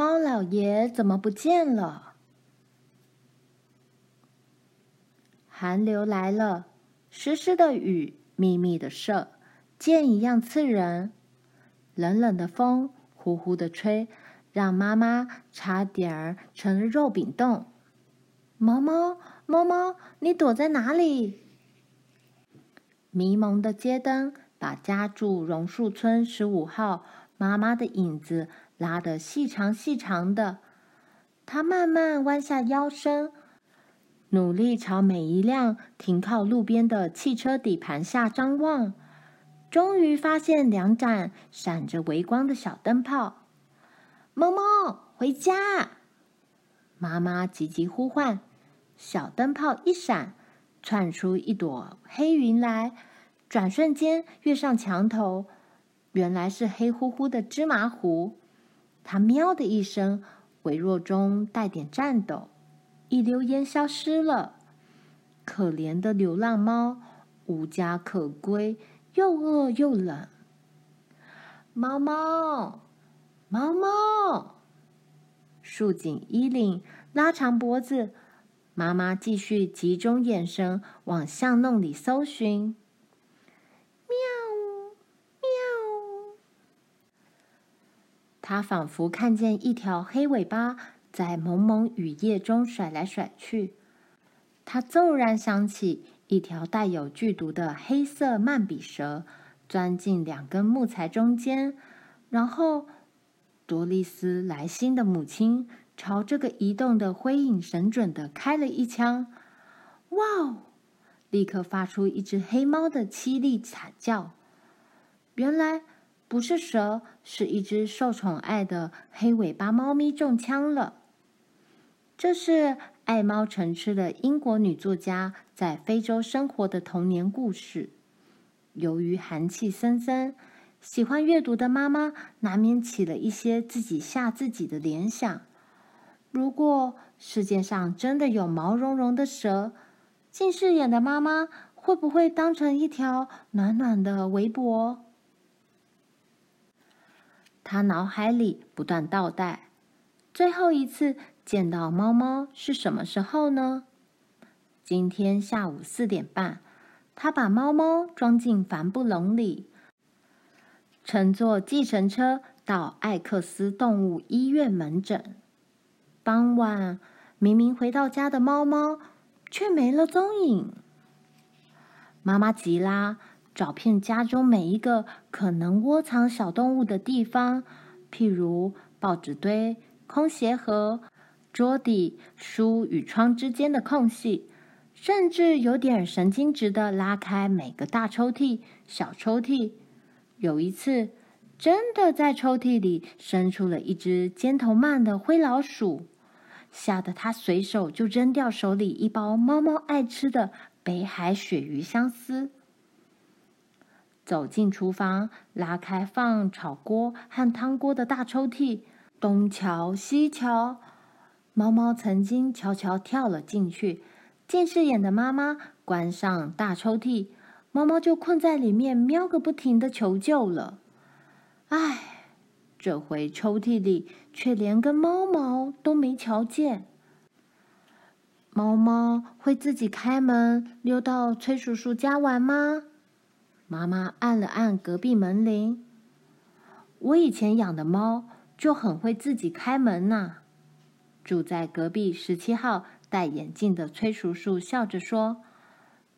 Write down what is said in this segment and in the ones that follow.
貓老爺怎麼不見了？寒流來了，濕濕的雨，密密的射，箭一樣刺人。冷冷的風，呼呼的吹，讓媽媽差點兒成了肉餅凍。貓貓，貓貓，你躲在哪裡？迷濛的街燈，把家住榕樹村十五號，媽媽的影子拉得細長細長的，他慢慢彎下腰身，努力朝每一輛停靠路邊的汽車底盤下張望，終於發現兩盞閃着微光的小燈泡。萌萌，回家！媽媽急急呼喚。小燈泡一閃，竄出一朵黑雲來，轉瞬間躍上牆頭，原來是黑乎乎的芝麻糊。它喵的一聲，微弱中帶點顫抖，一溜煙消失了。可憐的流浪貓，無家可歸，又餓又冷。貓貓，貓貓，束緊衣領，拉長脖子。媽媽繼續集中眼神，往巷弄裡搜尋。他仿佛看見一條黑尾巴在濛濛雨夜中甩來甩去。他驟然想起一條帶有劇毒的黑色曼比蛇鑽進兩根木材中間，然後多麗絲萊辛的母親朝這個移動的灰影神準地開了一槍。哇！哦，立刻發出一隻黑貓的淒厲慘叫。原來。不是蛇，是一隻受寵愛的黑尾巴貓咪中槍了。這是愛貓成痴的英國女作家在非洲生活的童年故事。由於寒氣森森，喜歡閱讀的媽媽難免起了一些自己嚇自己的聯想：如果世界上真的有毛茸茸的蛇，近視眼的媽媽會不會當成一條暖暖的圍脖？他腦海裡不斷倒帶，最後一次見到貓貓是什麼時候呢？今天下午四點半，他把貓貓裝進帆布籠裡，乘坐計程車到艾克斯動物醫院門診。傍晚，明明回到家的貓貓卻沒了蹤影。媽媽急啦。找遍家中每一個可能窩藏小動物的地方，譬如報紙堆、空鞋盒、桌底、書與窗之間的空隙，甚至有點神經質地拉開每個大抽屜、小抽屜。有一次，真的在抽屜裡伸出了一隻尖頭曼的灰老鼠，嚇得他隨手就扔掉手裡一包貓貓愛吃的北海鱈魚香絲。走進廚房，拉開放炒鍋和湯鍋的大抽屜，東瞧西瞧，貓貓曾經悄悄跳了進去。近視眼的媽媽關上大抽屜，貓貓就困在裡面，喵個不停的求救了。哎，這回抽屜裡卻連根貓毛都沒瞧見。貓貓會自己開門，溜到崔叔叔家玩嗎？媽媽按了按隔壁門鈴。我以前養的貓就很會自己開門吶。住在隔壁十七號戴眼鏡的崔叔叔笑着說：“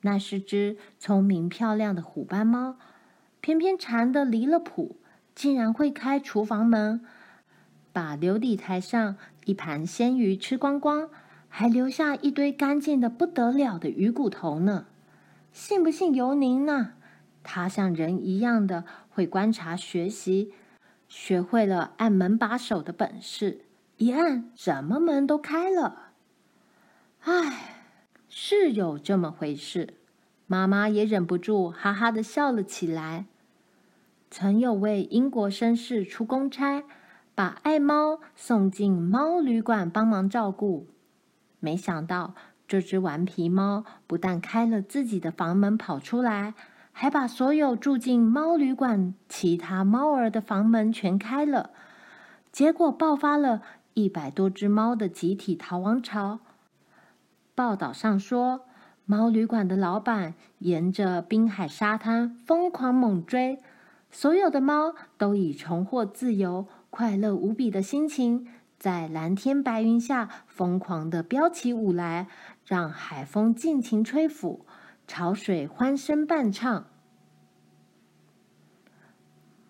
那是隻聰明漂亮的虎斑貓，偏偏饞得離了譜，竟然會開廚房門，把流理台上一盤鮮魚吃光光，還留下一堆乾淨的不得了的魚骨頭呢。信不信由您呢？”它像人一樣的會觀察學習，學會了按門把手的本事，一按，什麼門都開了。唉，是有這麼回事。媽媽也忍不住哈哈的笑了起來。曾有位英國紳士出公差，把愛貓送進貓旅館幫忙照顧，沒想到這隻頑皮貓不但開了自己的房門跑出來，還把所有住進貓旅館其他貓兒的房門全開了，結果爆發了一百多隻貓的集體逃亡潮。報道上說，貓旅館的老板沿着濱海沙灘瘋狂猛追，所有的貓都以重獲自由、快樂無比的心情，在藍天白雲下瘋狂地飆起舞來，讓海風盡情吹拂。潮水歡聲伴唱。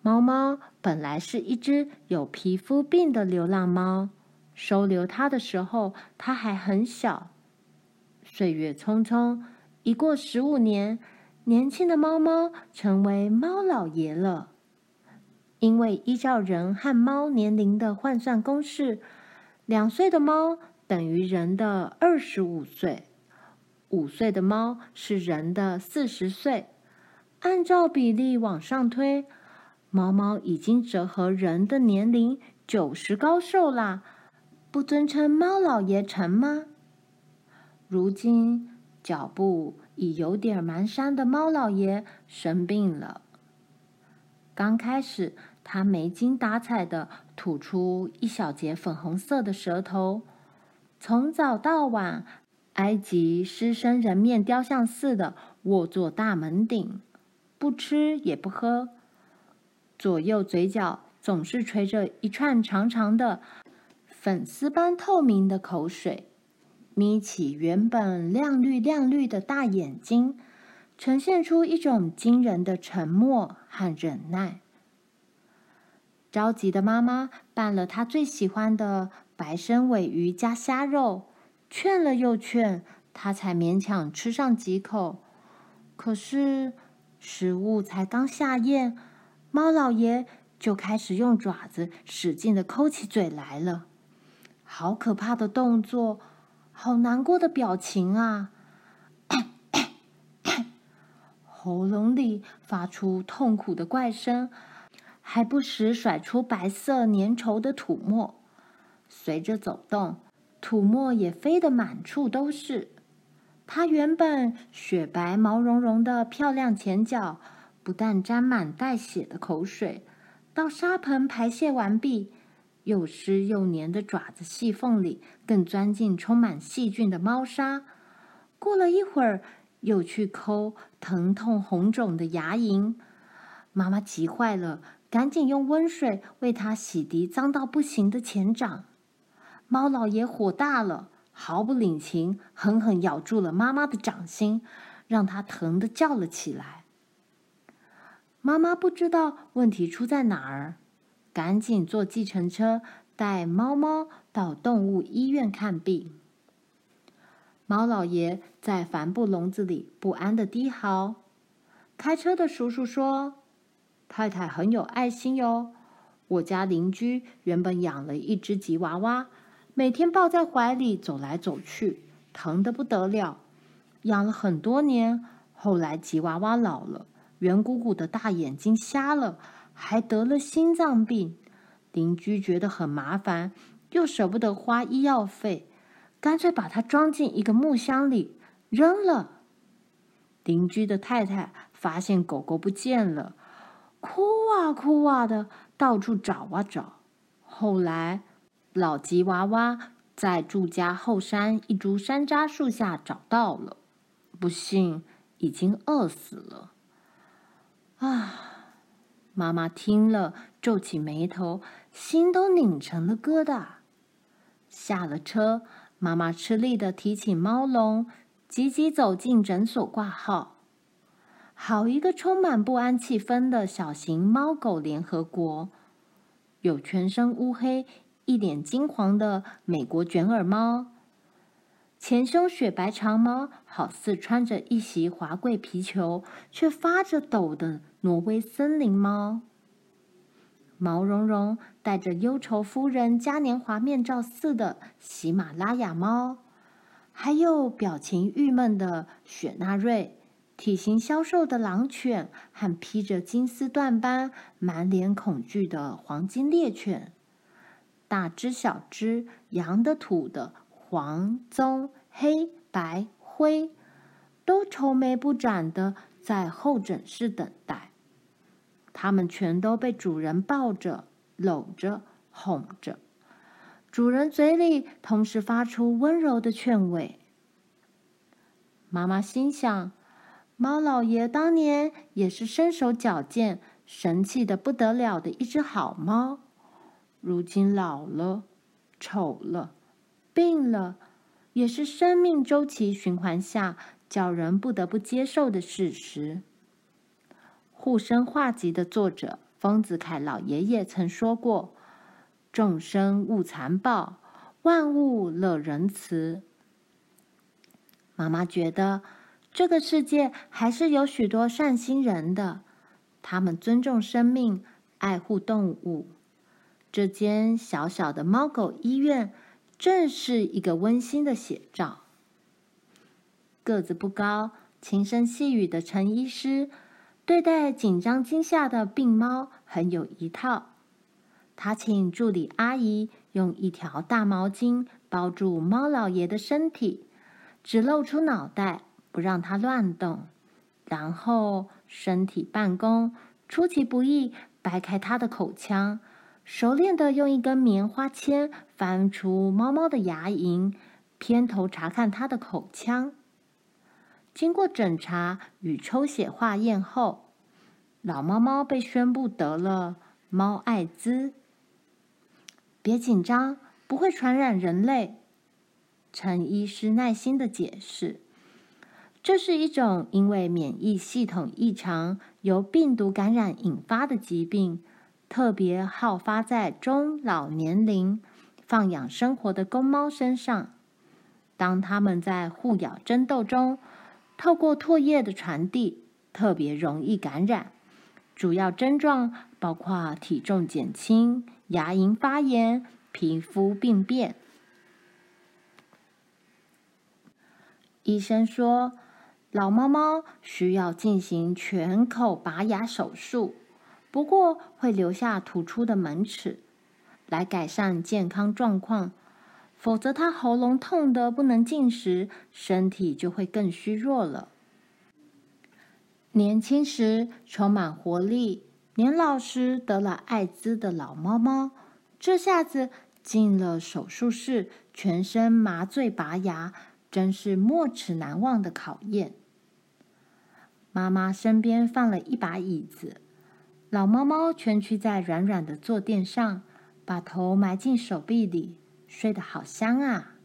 貓貓本來是一隻有皮膚病的流浪貓，收留它的時候，它還很小。歲月匆匆，一過十五年，年輕的貓貓成為貓老爺了。因為依照人和貓年齡的換算公式，兩歲的貓等於人的二十五歲。五歲的貓是人的四十歲，按照比例往上推，貓貓已經折合人的年齡九十高壽啦！不尊稱貓老爺成嗎？如今腳步已有點兒蹣跚的貓老爺生病了。剛開始，他沒精打采地吐出一小截粉紅色的舌頭，從早到晚，埃及獅身人面雕像，似的臥坐大門頂，不吃也不喝，左右嘴角總是垂着一串長長的粉絲般透明的口水，眯起原本亮綠亮綠的大眼睛，呈現出一種驚人的沉默和忍耐。着急的媽媽拌了她最喜歡的白身尾魚加蝦肉。勸了又勸，他才勉強吃上幾口。可是食物才剛下嚥，貓老爺就開始用爪子使勁地摳起嘴來了。好可怕的動作，好難過的表情啊！咳咳咳咳喉嚨裡發出痛苦的怪聲，還不時甩出白色粘稠的吐沫，隨着走動。吐沫也飛得滿處都是。它原本雪白、毛茸茸的漂亮前腳，不但沾滿帶血的口水，到沙盆排泄完畢，又濕又黏的爪子細縫裡，更鑽進充滿細菌的貓砂。過了一會兒，又去摳疼痛紅腫的牙齦。媽媽急壞了，趕緊用溫水為它洗滌髒到不行的前掌。貓老爺火大了，毫不領情，狠狠咬住了媽媽的掌心，讓她疼得叫了起來。媽媽不知道問題出在哪兒，趕緊坐計程車帶貓貓到動物醫院看病。貓老爺在帆布籠子裡不安地低嚎。開車的叔叔說：“太太很有愛心喲，我家鄰居原本養了一隻吉娃娃。”每天抱在懷裡走來走去，疼得不得了。養了很多年，後來吉娃娃老了，圓鼓鼓的大眼睛瞎了，還得了心臟病。鄰居覺得很麻煩，又舍不得花醫藥費，乾脆把它裝進一個木箱裡扔了。鄰居的太太發現狗狗不見了，哭啊哭啊的，到處找啊找，後來。老吉娃娃在住家後山一株山楂樹下找到了，不幸已經餓死了。啊！媽媽聽了皺起眉頭，心都擰成了疙瘩。下了車，媽媽吃力地提起貓籠，急急走進診所掛號。好一個充滿不安氣氛的小型貓狗聯合國，有全身烏黑，一臉金黃的美國捲耳貓，前胸雪白長毛好似穿着一襲華貴皮裘，卻發着抖的挪威森林貓，毛茸茸帶着憂愁夫人嘉年華面罩似的喜馬拉雅貓，還有表情鬱悶的雪納瑞，體型消瘦的狼犬和披着金絲緞般滿臉恐懼的黃金獵犬。大隻、小隻，羊的、土的、黃棕、黑白、灰，都愁眉不展地在候診室等待。它們全都被主人抱着、摟着、哄着，主人嘴裡同時發出溫柔的勸慰。媽媽心想，貓老爺當年也是身手矯健、神氣的不得了的一隻好貓。如今老了，醜了，病了，也是生命週期循環下叫人不得不接受的事實。《護生畫集》的作者豐子愷老爺爺曾說過：“眾生勿殘暴，萬物樂仁慈。”媽媽覺得這個世界還是有許多善心人的，他們尊重生命，愛護動物。這間小小的貓狗醫院，正是一個溫馨的寫照。個子不高、輕聲細語的陳醫師，對待緊張驚嚇的病貓很有一套。他請助理阿姨用一條大毛巾包住貓老爺的身體，只露出腦袋，不讓它亂動。然後身體半弓，出其不意掰開它的口腔。熟練的用一根棉花籤翻出貓貓的牙齦，偏頭查看它的口腔。經過診查與抽血化驗後，老貓貓被宣布得了貓艾滋。別緊張，不會傳染人類。陳醫師耐心的解釋：“這是一種因為免疫系統異常由病毒感染引發的疾病。”特別好發在中老年齡放養生活的公貓身上。當它們在互咬爭鬥中，透過唾液的傳遞，特別容易感染。主要症狀包括體重減輕、牙齦發炎、皮膚病變。醫生說，老貓貓需要進行全口拔牙手術。不過會留下突出的門齒，來改善健康狀況。否則，他喉嚨痛得不能進食，身體就會更虛弱了。年輕時充滿活力，年老時得了艾滋的老貓貓，這下子進了手術室，全身麻醉拔牙，真是沒齒難忘的考驗。媽媽身邊放了一把椅子。老貓貓蜷曲在軟軟的坐墊上，把頭埋進手臂裡，睡得好香啊！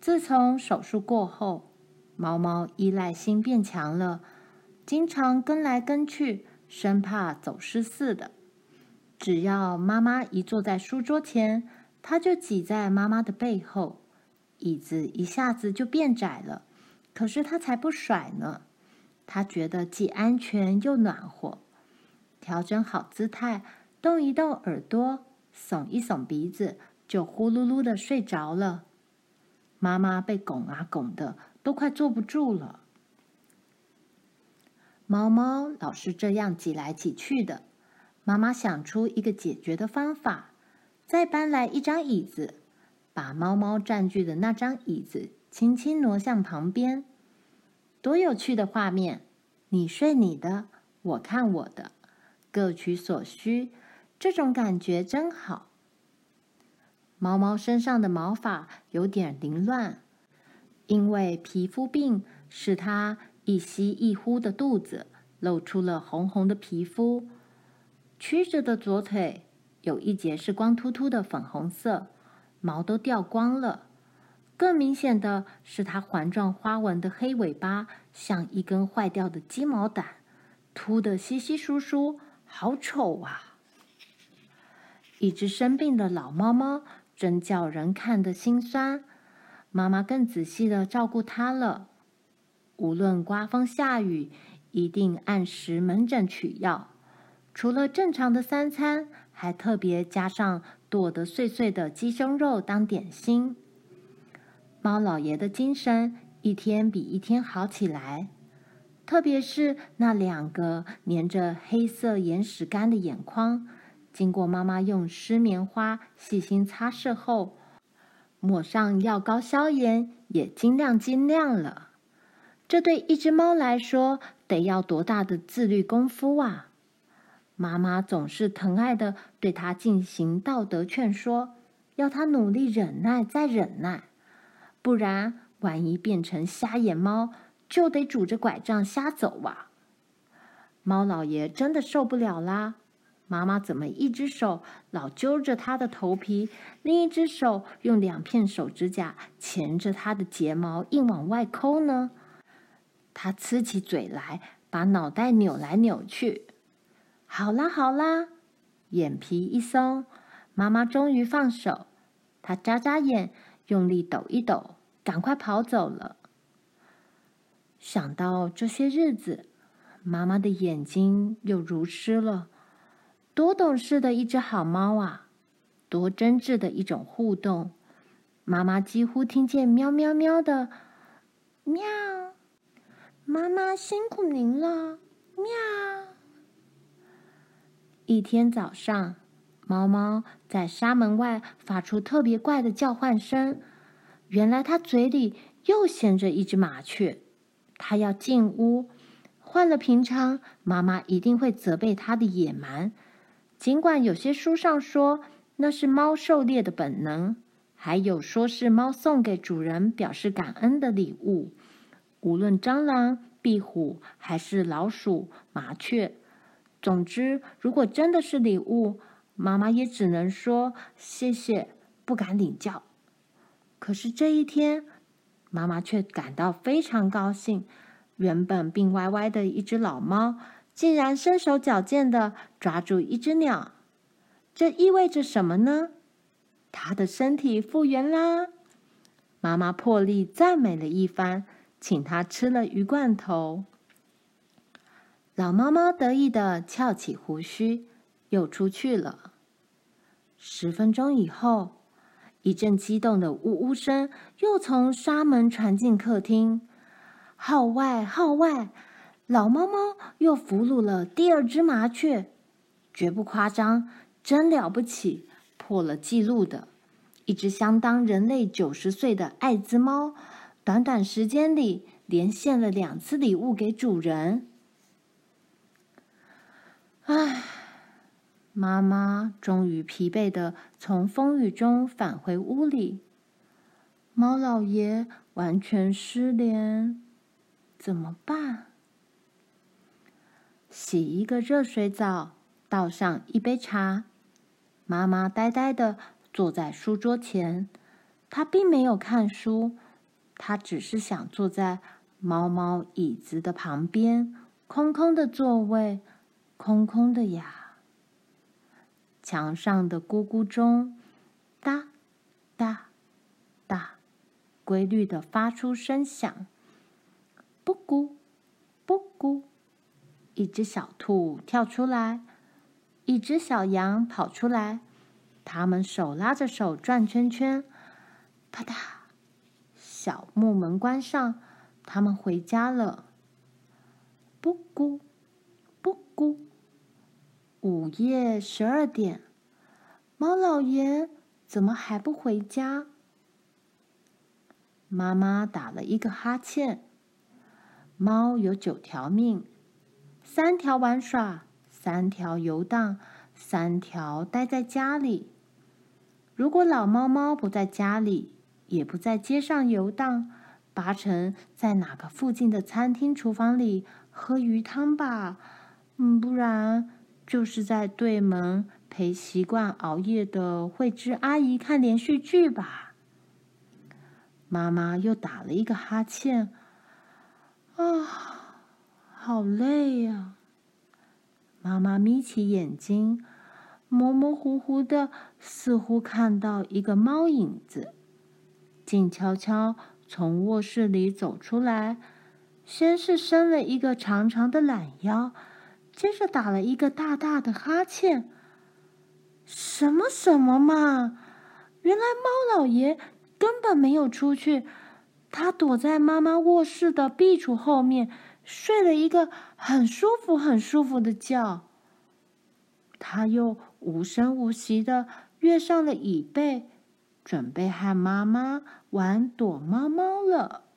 自從手術過後，貓貓依賴心變強了，經常跟來跟去，生怕走失似的。只要媽媽一坐在書桌前，它就擠在媽媽的背後，椅子一下子就變窄了。可是它才不甩呢，它覺得既安全又暖和。調整好姿態，動一動耳朵，聳一聳鼻子，就呼嚕嚕的睡着了。媽媽被拱啊拱的，都快坐不住了。貓貓老是這樣擠來擠去的，媽媽想出一個解決的方法，再搬來一張椅子，把貓貓占據的那張椅子輕輕挪向旁邊。多有趣的畫面！你睡你的，我看我的。各取所需，這種感覺真好。毛毛身上的毛髮有點凌亂，因為皮膚病使它一吸一呼的肚子露出了紅紅的皮膚。曲折的左腿有一截是光禿禿的粉紅色，毛都掉光了。更明顯的是，它環狀花紋的黑尾巴像一根壞掉的雞毛撣，禿得稀稀疏疏。好醜啊！一隻生病的老貓貓，真叫人看得心酸。媽媽更仔細的照顧它了，無論颳風下雨，一定按時門診取藥。除了正常的三餐，還特別加上剁得碎碎的雞胸肉當點心。貓老爺的精神一天比一天好起來。特別是那兩個粘着黑色眼屎乾的眼眶，經過媽媽用濕棉花細心擦拭後，抹上藥膏消炎，也晶亮晶亮了。這對一隻貓來說，得要多大的自律功夫啊！媽媽總是疼愛地對它進行道德勸說，要它努力忍耐，再忍耐，不然萬一變成瞎眼貓就得拄着拐杖瞎走哇、啊！貓老爺真的受不了啦！媽媽怎麼一隻手老揪着他的頭皮，另一隻手用兩片手指甲鉗着他的睫毛硬往外摳呢？他呲起嘴來，把腦袋扭來扭去。好啦好啦，眼皮一鬆，媽媽終於放手。他眨眨眼，用力抖一抖，趕快跑走了。想到這些日子，媽媽的眼睛又如濕濡濕了。多懂事的一隻好貓啊！多真摯的一種互動。媽媽幾乎聽見“喵喵喵”的“喵”。媽媽辛苦您了，“喵”。一天早上，貓貓在沙門紗門外發出特別怪的叫喚聲。原來，它嘴裡又銜着一隻麻雀。他要進屋，換了平常，媽媽一定會責備他的野蠻。儘管有些書上說那是貓狩獵的本能，還有說是貓送給主人表示感恩的禮物。無論蟑螂、壁虎還是老鼠、麻雀，總之，如果真的是禮物，媽媽也只能說謝謝，不敢領教。可是這一天，媽媽卻感到非常高興，原本病歪歪的一隻老貓，竟然身手矯健的抓住一隻鳥，這意味着什麼呢？它的身體復原啦！媽媽破例讚美了一番，請它吃了魚罐頭。老貓貓得意的翹起鬍鬚，又出去了。十分鐘以後。一陣激動的嗚嗚聲又從紗門傳進客廳，號外號外！老貓貓又俘虜了第二隻麻雀，絕不誇張，真了不起，破了紀錄的。一隻相當人類九十歲的愛滋貓，短短時間裡連獻了兩次禮物給主人。唉。媽媽終於疲憊的從風雨中返回屋裡。貓老爺完全失聯，怎麼辦？洗一個熱水澡，倒上一杯茶。媽媽呆呆的坐在書桌前，她並沒有看書，她只是想坐在貓貓椅子的旁邊。空空的座位，空空的呀。牆上的咕咕鐘，噠，噠，噠，規律的發出聲響。咕咕，咕咕，一隻小兔跳出來，一隻小羊跑出來，它們手拉着手轉圈圈。啪嗒，小木門關上，它們回家了。咕咕，咕咕。午夜十二點，貓老爺怎麼還不回家？媽媽打了一個哈欠。貓有九條命，三條玩耍，三條遊蕩，三條待在家裡。如果老貓貓不在家裡，也不在街上遊蕩，八成在哪個附近的餐廳廚房裡喝魚湯吧？嗯，不然。就是在對門陪習慣熬夜的慧芝阿姨看連續劇吧。媽媽又打了一個哈欠，啊，好累呀，啊！媽媽眯起眼睛，模模糊糊的，似乎看到一個貓影子，靜悄悄從臥室裡走出來，先是伸了一個長長的懶腰。接着打了一個大大的哈欠。什麼什麼嘛？原來貓老爺根本沒有出去，他躲在媽媽臥室的壁櫥後面，睡了一個很舒服、很舒服的覺。他又無聲無息的躍上了椅背，準備和媽媽玩躲貓貓了。